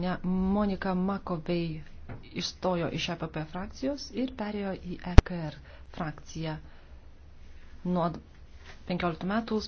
Ponia Monika Makovei išstojo iš EPP frakcijos ir perėjo į EKR frakciją nuo 15 metų